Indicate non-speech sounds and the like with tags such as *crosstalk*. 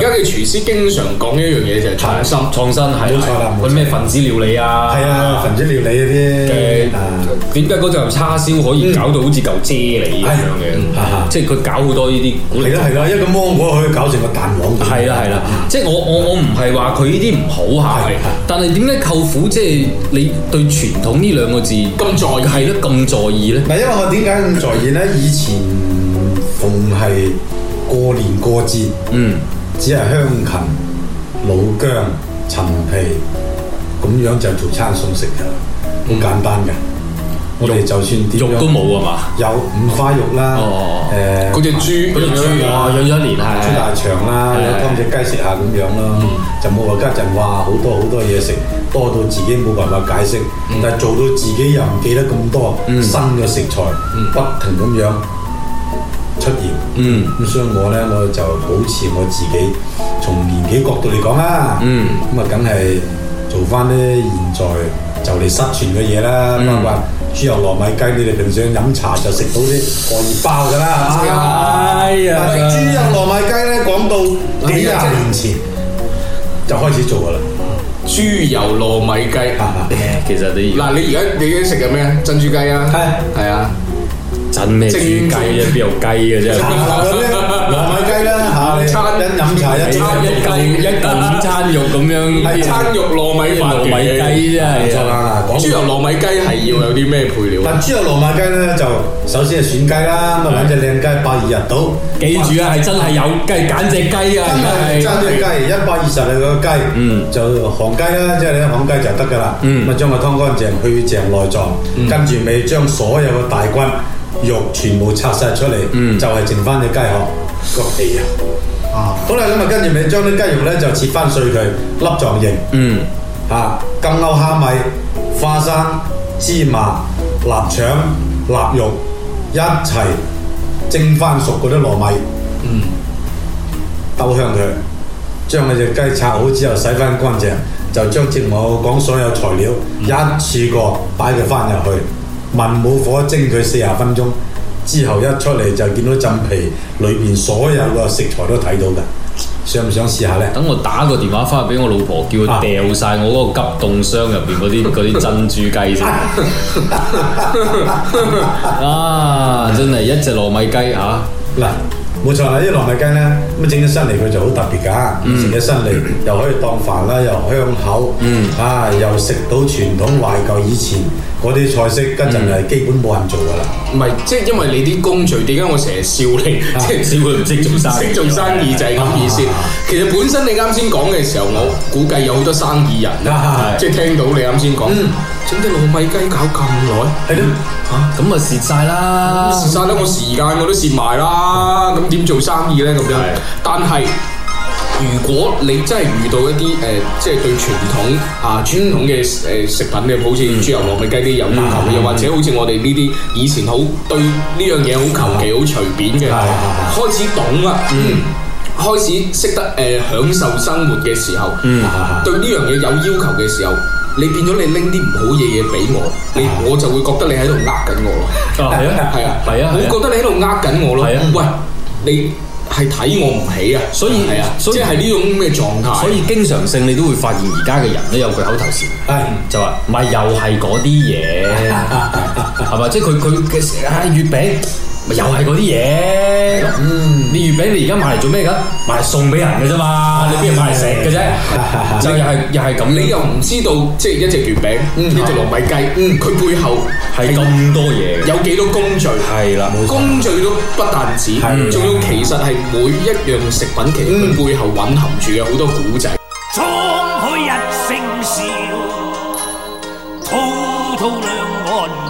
而家嘅廚師經常講一樣嘢就係創新，創新係。冇錯啦，嗰咩分子料理啊，係啊，分子料理嗰啲。誒，點解嗰嚿叉燒可以搞到好似嚿啫喱一樣嘅？即係佢搞好多呢啲。嚟啦，係啦，一個芒果可以搞成個蛋黃。係啦，係啦，即係我我我唔係話佢呢啲唔好吓，但係點解舅父即係你對傳統呢兩個字咁在意？係咯，咁在意咧？唔係因為我點解咁在意咧？以前逢係過年過節，嗯。只係香芹、老姜、陳皮，咁樣就做餐餸食嘅，好簡單嘅。我哋就算點肉都冇啊嘛，有五花肉啦，誒嗰隻豬，嗰隻豬哇養咗一年係，豬大腸啦，有啲隻雞食下咁樣咯，就冇話家陣話好多好多嘢食，多到自己冇辦法解釋，但係做到自己又唔記得咁多新嘅食材，不停咁樣。出現， *music* 嗯，所以我呢，我就保持我自己，從年紀角度嚟講啦，嗯，咁啊梗係做翻啲現在就嚟失傳嘅嘢啦，包括、嗯、豬油糯米雞，你哋平常飲茶就食到啲荷葉包噶啦，嗎哎呀，豬油糯米雞咧講到幾十年前就開始做噶啦，啊啊、豬油糯米雞啊，其實嗱你而家你已經食緊咩珍珠雞啊，係嗎，係啊。蒸咩煮雞啊？邊度雞嘅啫？糯米雞啦，嚇！餐一飲茶，一餐一嚿一嚿午餐肉咁樣，午餐肉糯米飯、糯米雞真係唔錯啊！豬油糯米雞係要有啲咩配料啊？但豬油糯米雞咧，就首先係選雞啦，咁啊兩隻靚雞，百二入到。記住啊，係真係有雞揀隻雞啊，真係真隻雞，一百二十兩個雞，就行雞啦，即係你一捧雞就得㗎啦，嗯，將佢劏乾淨，去淨內臟，跟住咪將所有嘅大骨。肉全部拆曬出嚟，嗯、就係剩翻隻雞殼個皮、哎、啊！好啦，咁啊跟住咪將啲雞肉咧就切翻碎佢粒狀形，嚇金鈎蝦米、花生、芝麻、臘腸、臘、嗯、肉一齊蒸翻熟嗰啲糯米，嗯，兜香佢，將嗰隻雞拆好之後洗翻乾淨，就將前我講所有材料、嗯、一次過擺佢翻入去。文武火蒸佢四十分鐘，之後一出嚟就見到浸皮裏面所有個食材都睇到㗎，想唔想試一下呢？等我打個電話返去俾我老婆叫我、啊，叫佢掉曬我嗰個急凍箱入面嗰啲珍珠雞先。 *laughs* 啊，真係一隻糯米雞啊！嗱。冇錯啦，啲糯米雞呢，咁整起身嚟佢就好特別㗎，整起身嚟又可以當飯啦，又香口，啊又食到傳統懷舊以前嗰啲菜式，跟陣嚟基本冇人做㗎啦。唔係，即係因為你啲工序點解我成日笑你？即係笑佢唔識做生意，識做生意就係咁意思。其實本身你啱先講嘅時候，我估計有好多生意人，即係聽到你啱先講。整隻糯米雞搞咁耐，係咯，啊咁啊蝕晒啦！蝕晒啦，我時間我都蝕埋啦。咁點做生意咧？咁樣。但係如果你真係遇到一啲誒，即係對傳統啊傳統嘅誒食品嘅，好似豬油糯米雞啲有要求，又或者好似我哋呢啲以前好對呢樣嘢好求其好隨便嘅，開始懂啦，嗯，開始識得誒享受生活嘅時候，嗯，對呢樣嘢有要求嘅時候。你變咗你拎啲唔好嘢嘢俾我，啊、你我就會覺得你喺度呃緊我咯，係啊，係啊，係 *laughs* 啊，你、啊啊、覺得你喺度呃緊我咯，係啊，喂，你係睇我唔起、嗯、以啊，所以係啊，所以係呢種咩狀態，所以經常性你都會發現而家嘅人都有句口頭禪，就話咪又係嗰啲嘢，係嘛，即係佢佢嘅啊，月餅。又係嗰啲嘢，嗯，你月餅你而家買嚟做咩噶？買嚟送俾人嘅啫嘛，你邊買嚟食嘅啫？又係又係咁，你又唔知道，即係一隻月餅，嗯，一隻糯米雞，嗯，佢背後係咁多嘢，有幾多工序？係啦，工序都不單止，仲要其實係每一樣食品其實背後隱含住嘅好多古仔。滔滔兩岸。